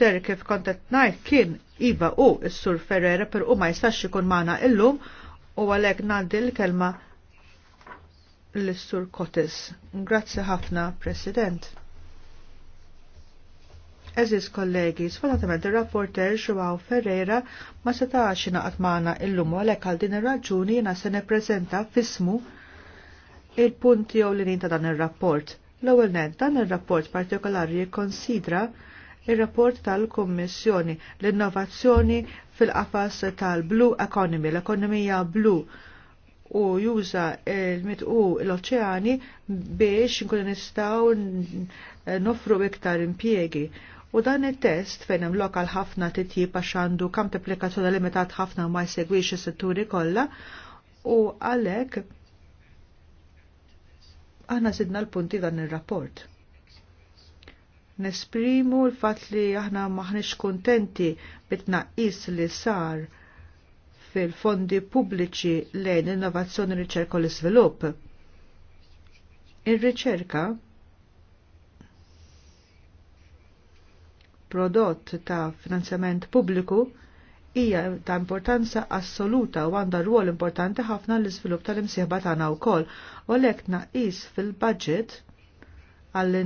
Ter kif kontet najt kien Iva u s-sur Ferrera per u ma jistax ikun maħna illum u għalek nandi l-kelma l-sur Kotis. Grazzi ħafna, President. Eżis kollegi, sfortunatament il-rapporter Joao Ferreira ma setax naqat maħna illum u għalek għal din ir-raġuni jena se prezenta fismu il-punti u l-inin ta' dan il-rapport. L-ewwel dan ir-rapport partikolari jikkonsidra il-rapport tal-Kommissjoni l-innovazzjoni fil-qafas tal-Blue Economy, l-ekonomija blu u juża il-mitqu l-oċeani biex nkunu nistaw nofru iktar impjiegi. U dan il-test fejn hemm lokal ħafna titjib għax għandu kam applikazzjoni limitat ħafna ma jsegwix is-setturi kollha u għalhekk aħna sidna l-punti dan ir-rapport nesprimu l-fat li aħna maħniex kontenti bitnaqqis li sar fil-fondi pubbliċi lejn innovazzjoni riċerka u l-iżvilupp. Ir-riċerka prodott ta' finanzjament pubbliku hija ta' importanza assoluta u għandha rwol importanti ħafna l iżvilupp tal-imsieħba tagħna wkoll u lek naqis fil-budget għall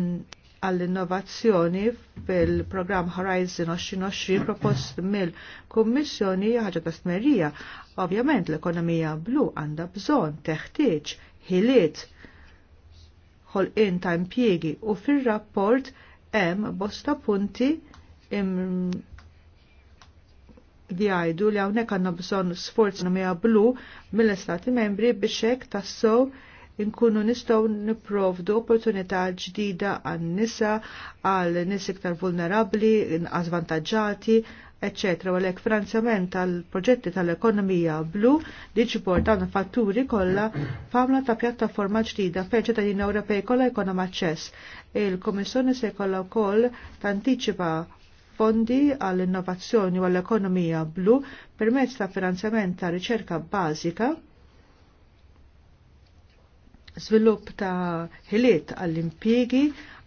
għall-innovazzjoni fil-programm Horizon 2020 propost mill-Kummissjoni ħaġa ta' smerija. Ovvjament l-ekonomija blu għandha bżonn teħtieġ ħiliet ħolqien ta' impjiegi u fir-rapport hemm bosta punti di għajdu li hawnhekk għanna bżonn sforz ekonomija blu mill-Istati membri biex hekk tassew so inkunu nistgħu nipprovdu opportunità ġdida għan nisa għal nis iktar vulnerabbli, għazvantagġati, vantaġġati, ecc. U finanzjament tal-proġetti tal-ekonomija blu li dan fatturi kollha famla ta' pjattaforma ġdida fejn ċittadini Ewropej kollha jkollhom aċċess. Il-Kummissjoni se jkollha wkoll tantiċipa fondi għall-innovazzjoni u għall-ekonomija blu permezz ta' finanzjament ta' riċerka bażika svilupp ta' ħiliet għall impiegi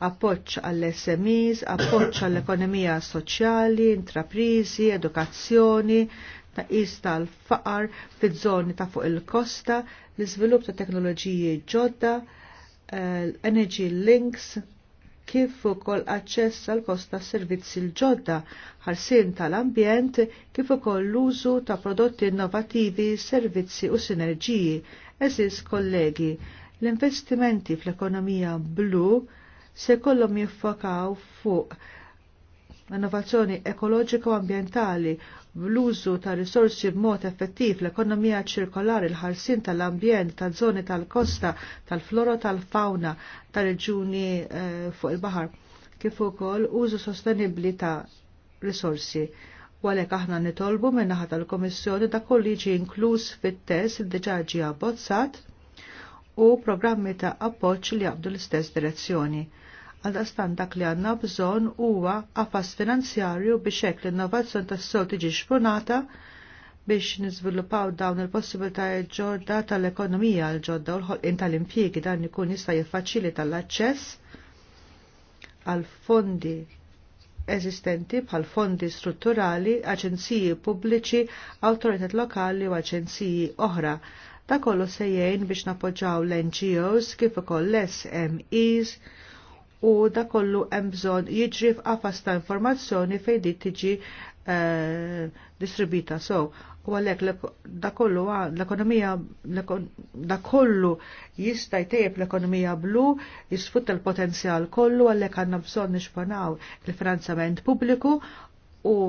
appoċ għall-SMEs, appoċ għall-ekonomija soċjali, intraprizi, edukazzjoni, ista' tal-faqar fiż-żoni ta' fuq il-kosta, l-iżvilupp ta' teknoloġiji ġodda, l-energy eh, links, kif ukoll aċċess għal kosta servizzi l-ġodda, ħarsien tal-ambjent, kif ukoll l-użu ta' prodotti innovativi, servizzi u sinerġiji. Eżis kollegi, L-investimenti fl-ekonomija blu se kollom jiffokaw fuq innovazzjoni ekoloġika u ambientali bl-użu ta' risorsi b'mod effettiv l-ekonomija ċirkolari l-ħarsin tal-ambjent, tal-żoni tal-kosta, tal-flora, tal-fauna, tal-reġuni eh, fuq il-bahar, kif ukoll użu sostenibbli ta' risorsi. Walek aħna nitolbu minnaħat tal-Komissjoni da' kolliġi inkluż fit-test il-deġaġi abbozzat u programmi ta' appoġġ li għabdu l-istess direzzjoni. Għaldastan dak li għanna bżon huwa għafas finanzjarju biex hekk l innovazzjon tas-sol tiġi xpunata biex niżviluppaw dawn il-possibilitajiet ġodda tal-ekonomija l-ġodda u l-ħolqin tal-impjiegi dan ikun jista' jiffaċilita l-aċċess għal fondi eżistenti bħal fondi strutturali, aġenziji pubbliċi, awtoritet lokali u aġenziji oħra Da kollu sejjejn biex napoġġaw l-NGOs kif ukoll l SMEs u da kollu hemm bżonn jiġri f'qafas ta' informazzjoni fejn di tiġi uh, distribita. So, u għalhekk da kollu l-ekonomija da kollu jista' jtejjeb l-ekonomija blu, jisfutta l-potenzjal kollu għalhekk għandna bżonn nixpanaw il finanzament pubbliku u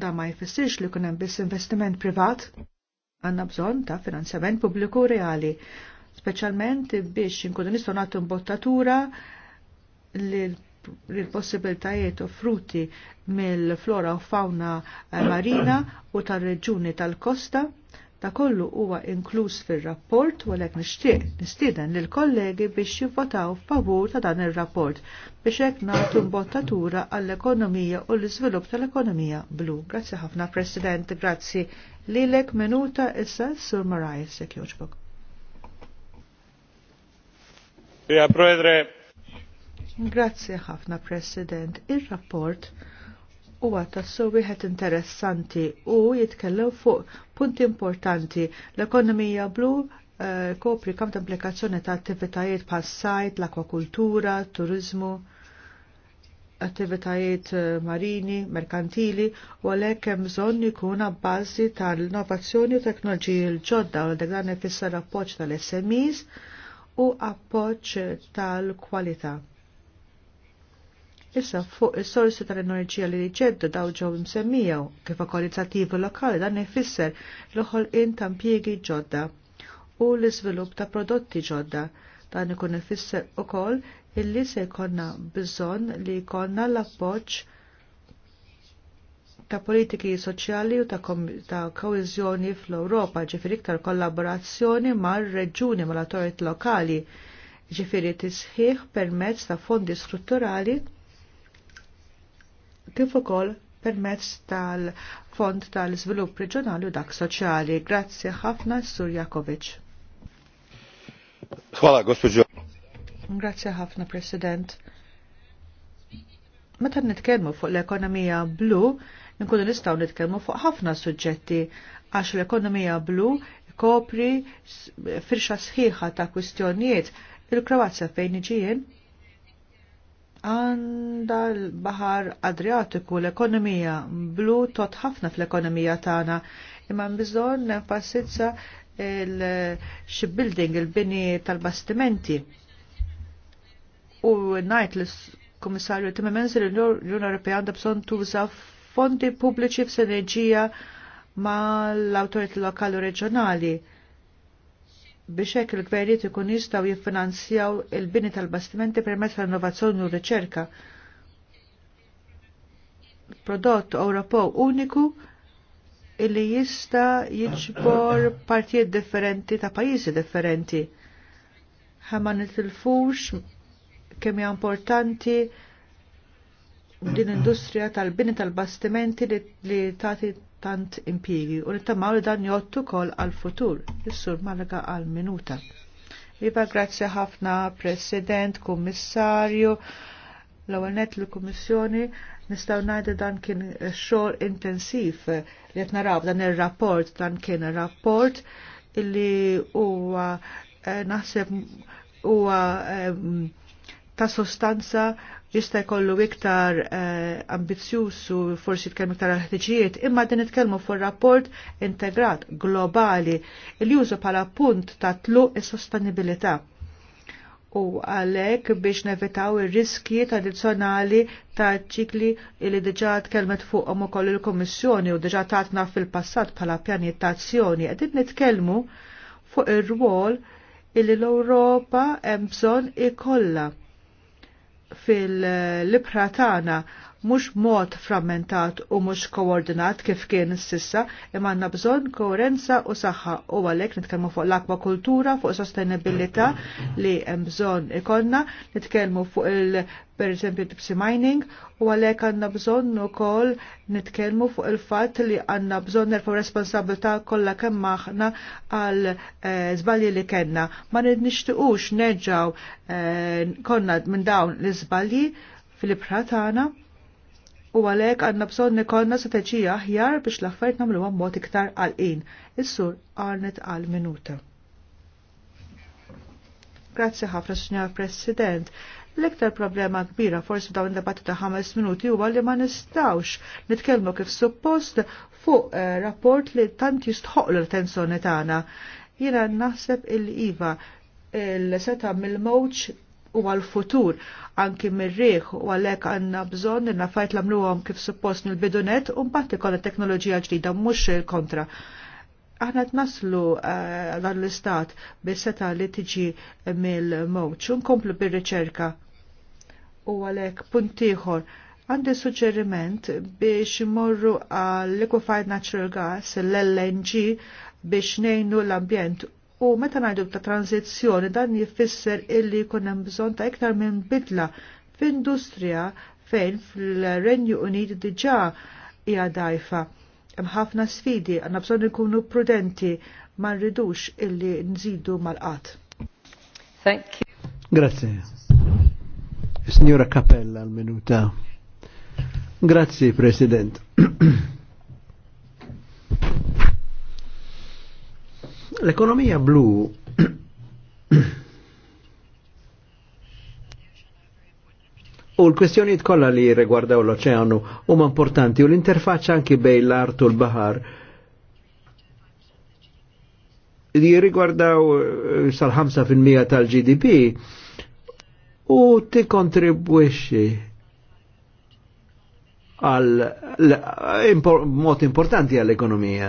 Da ma jfessirx li kunem biss investiment privat, għanna bżon ta' finanzjament pubbliku reali, specialment biex inkunu nistgħu nagħtu mbottatura l-possibiltajiet offruti mill-flora u fauna marina u tar-reġuni tal-kosta Ta' kollu huwa inkluż fir-rapport u għalhekk nixtieq nistieden lil kollegi biex jivvotaw favur ta' dan ir-rapport biex hekk nagħtu mbottatura għall-ekonomija u l-iżvilupp tal-ekonomija blu. Grazzi ħafna President, grazzi lilek minuta issa Sur Marajs jekk jogħġbok. Grazzi ħafna President, ir-rapport huwa għatta wieħed interessanti u jitkellem fuq punti importanti l-ekonomija blu eh, kopri kam ta' applikazzjoni ta' attivitajiet bħal sajt, l-akwakultura, turizmu attivitajiet eh, marini, merkantili, u għalhekk hemm bżonn ikun abbażi tal-innovazzjoni u teknoloġiji l-ġodda u dak dan fissa appoġġ tal-SMEs u appoġġ tal-kwalità. Issa fuq is-sorsi tal-enerġija li ġedda daw ġew msemmijaw kif ukoll lokali dan ifisser l-oħolqien ta' impjiegi ġodda u l-iżvilupp ta' prodotti ġodda. Dan ikun ifisser ukoll illi se jkollna bżonn li jkollna l-appoġġ ta' politiki soċjali u ta', ta fl-Ewropa, ġifir iktar kollaborazzjoni mar-reġuni mal-autorit lokali, ġifieri tisħiħ permezz ta' fondi strutturali kif ukoll permezz tal-Fond tal-Svilupp Reġjonali u dak Soċjali. Grazzi ħafna Sur Jakovic. Hvala, gospođo. Grazzi ħafna, President. Meta nitkellmu fuq l-ekonomija blu, nkunu nistgħu nitkellmu fuq ħafna suġġetti għax l-ekonomija blu kopri firxa sħiħa ta' kwistjonijiet il-Kroazja fejn iġijien għanda l-bahar Adriatiku l-ekonomija blu tot ħafna fl-ekonomija tagħna imma bżonn nenfasizza il-shipbuilding, il-bini tal-bastimenti. U najt l-Komissarju li l-Unjoni Ewropea għandha bżonn tuża fondi pubbliċi f'sinerġija mal awtoriti lokali u reġjonali biex hekk il-gvernijiet ikun jistgħu jiffinanzjaw il-bini tal-bastimenti permezz tal-innovazzjoni u riċerka. Prodott Ewropew uniku illi jista jiġbor partijiet differenti ta' pajjiżi differenti. Ħa nitilfux kemm hija importanti din industrija tal-bini tal-bastimenti li, li tagħti tant impiri u nittamaw li dan jottu kol għal-futur. Is-sur Malaga għal-minuta. Iva, grazzi ħafna, President, Kummissarju, l-ewwel l-Kummissjoni nistaw najdu dan kien xogħol intensiv li qed naraw dan ir-rapport dan kien rapport illi huwa eh, naħseb huwa eh, ta' sostanza jista' jkollu iktar eh, ambizzjuż u forsi tkellmu iktar ħtiġijiet, imma din nitkellmu fuq rapport integrat globali li jużu bħala punt ta' tluq is-sostenibilità u għalek biex nevitaw ir-riski tradizzjonali ta' ċikli li diġa tkellmet fuqhom ukoll il kummissjoni u diġa tatna fil-passat bħala pjani ta' azzjoni. Qegħdin nitkellmu fuq ir-rwol illi l-Ewropa hemm bżonn ikollha fil-libra tagħna mhux mod frammentat u mhux koordinat kif kien sissa imma għandna bżonn koerenza u saħħa u għalhekk nitkellmu fuq l-akwakultura, fuq sostenibilità li hemm bżonn ikonna, nitkellmu fuq il per eżempju tipsi mining u għalhekk għandna bżonn ukoll nitkellmu fuq il-fatt li għandna bżonn nerfu responsabilità kollha kemm aħna għal eh, żbalji li kellna. Ma nixtiqux neġaw eh, konna minn dawn l-iżbalji fil-ibħra tagħna U għalek għanna bżon nikolna strateġija aħjar biex l-affarijiet nagħmluha mod iktar għalqin. Is-sur Arnet għal minuta. Grazzi ħafna, Sinjor President. L-iktar problema kbira forsi dawn debatti ta' ħames minuti huwa li ma nistawx nitkellmu kif suppost fuq eh, rapport li tant jistħoqlu l-attenzjoni tagħna. Jiena naħseb il-iva il-seta mill-mowċ u għal-futur anki mir-riħ u għalek għanna bżon nirna fajt l għom kif suppost nil-bidunet un batti kolla teknoloġija ġdida mux il-kontra. Aħna t-naslu eh, dan l-istat bil-seta li tiġi mill-mowċ, komplu bil-riċerka u għalek puntiħor għandi suġġeriment biex morru għal liquefied natural gas, l-LNG, biex nejnu l-ambjent U meta ngħidu ta' tranzizzjoni dan jifisser illi jkun hemm bżonn ta' iktar minn bidla f'industrija fejn fil-Renju Unit diġà hija dajfa. Hemm ħafna sfidi, għandna bżonn ikunu prudenti ma rridux illi nżidu mal-qatt. Thank you. Grazie. Signora Cappella al minuta. Grazie President. L-ekonomija blu U l-kwestjonijiet kollha li jirregwardaw l-oċeanu huma importanti u l-interfaċċ anki bej l-art u l bahar li jirrigwardaw eh, sal-5% tal-GDP u ti kontribwixi għal mod importanti għall-ekonomija.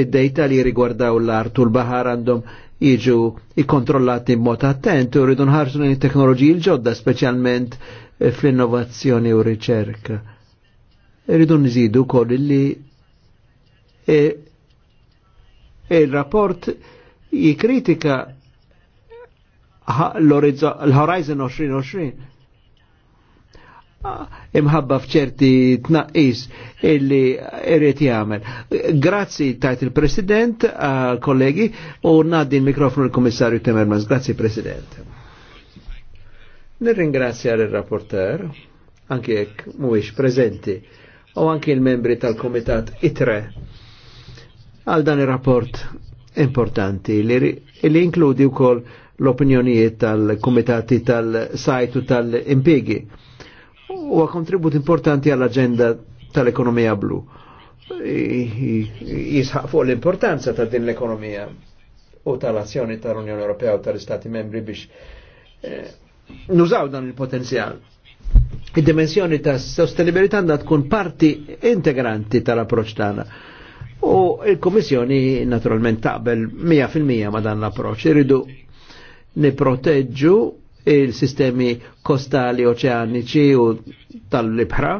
id-dejta li riguardaw l-art u l-bahar għandhom jiġu ikkontrollati b'mod attent u rridu nħarsu l teknoloġiji l-ġodda speċjalment eh, fl-innovazzjoni u riċerka. Rridu nżidu wkoll li e, eh, il-rapport jikritika l-Horizon 2020 imħabba fċerti tnaqis illi irrit jagħmel. Grazzi tajt il-President, kollegi, u naddi il-mikrofonu il komissarju Temermans. Grazzi President. Nirringrazzja l-rapporter, anki jekk mhuwiex prezenti, u anki l-membri tal-Komitat ITRE għal dan il rapport importanti li, inkludi wkoll l-opinjonijiet tal-Komitati tal-Sajtu tal-Impigi. tal komitati tal sajtu tal impigi huwa kontribut importanti għall agenda tal-ekonomija blu. Jisħaq fuq l-importanza ta' din l-ekonomija u tal-azzjoni tal-Unjoni Ewropea u tal-Istati membri biex eh, nużaw dan il-potenzjal. Id-dimensjoni ta' sostenibilità għandha tkun parti integranti tal-approċ tagħna. U il-Komissjoni naturalment taqbel 100% ma dan l-approċ. Iridu niproteġġu il-sistemi kostali oċeaniċi u tal-libħra,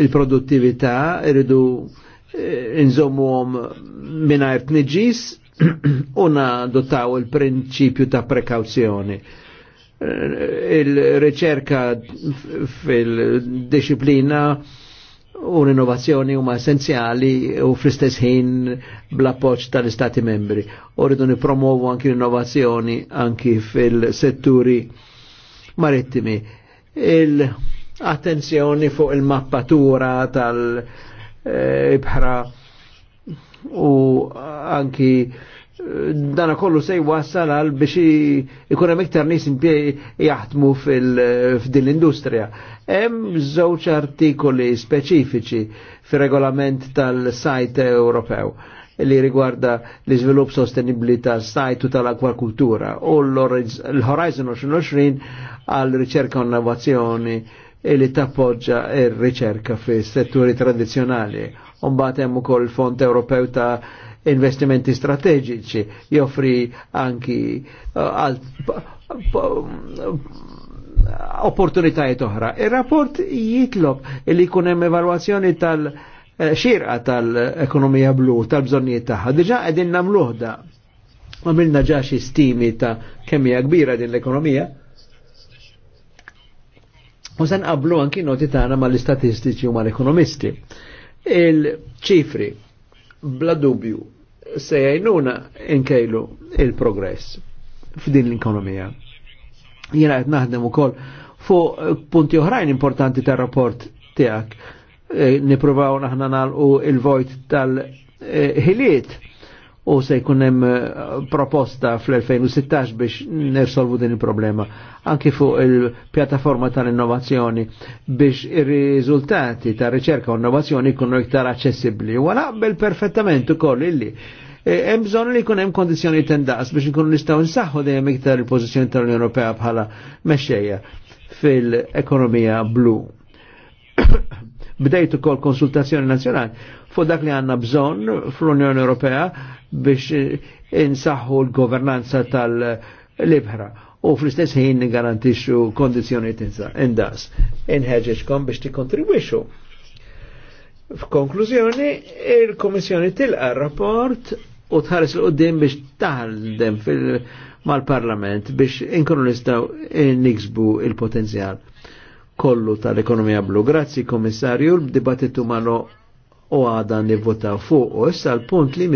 il-produttività irridu għom eh, minna tniġis una dotaw il-prinċipju ta' prekawzjoni eh, il reċerka fil-disciplina un innovazzjoni huma essenzjali u fl-istess ħin bl-appoġġ tal-Istati membri. U rridu nipromovu anki l-innovazzjoni anki fil-setturi marittimi. Il-attenzjoni fuq il-mappatura tal-ibħra u anki dana kollu sej wassal għal biex ikun hemm iktar nies jaħdmu f'din l-industrija. Hemm żewġ artikoli speċifiċi fir-regolament tal-sajt Ewropew li rigwarda l-iżvilupp sostenibli tas-sajt u tal-akwakultura u l-Horizon 2020 għal riċerka u innovazzjoni li tappoġġa r-riċerka fi setturi tradizzjonali. Umbagħad hemm ukoll il-Fond Ewropew ta' investimenti strategici, joffri anki uh, opportunitajiet oħra. Il-rapport jitlob li jkun hemm evalwazzjoni tal- eh, xirqa tal-ekonomija blu, tal-bżonnijiet tagħha. Diġà qegħdin nagħmluh da. Għamilna ġa stimi ta' kemm hija kbira din l-ekonomija. U se nqablu anki noti tagħna mal-istatistiċi u mal-ekonomisti. Il-ċifri bla dubju se jajnuna inkejlu il-progress f'din l-ekonomija. Jena għet naħdem u koll fuq punti oħrajn importanti tar rapport tijak. Eh, Niprovaw naħna u il-vojt tal-ħiliet u se jkun hemm eh, proposta fl-2016 biex nersolvu din il-problema anki fuq il-pjattaforma tal-innovazzjoni biex ir-riżultati ta' riċerka u innovazzjoni jkunu iktar aċċessibbli. Wala bel perfettament ukoll illi eh, hemm bżonn li jkun hemm kondizzjoni tendaqs biex nkunu nistgħu nsaħħu dejjem iktar il-pożizzjoni tal-Unjoni Ewropea bħala mexxejja fil-ekonomija blu. bdejt ukoll konsultazzjoni nazzjonali fuq dak li għandna bżonn fl-Unjoni Ewropea biex insaħħu l-governanza tal-libħra u fl-istess ħin ngarantixxu kondizzjonijiet indas. Inħeġeġkom biex tikkontribwixxu. F'konklużjoni, il-Komissjoni tilqa rapport u tħares l-qoddim biex taħdem mal-Parlament biex inkunu nistaw niksbu il-potenzjal kollu tal-ekonomija blu. Grazzi komissarju, l-dibattitu mano u għada votaw fuq u issa l-punt li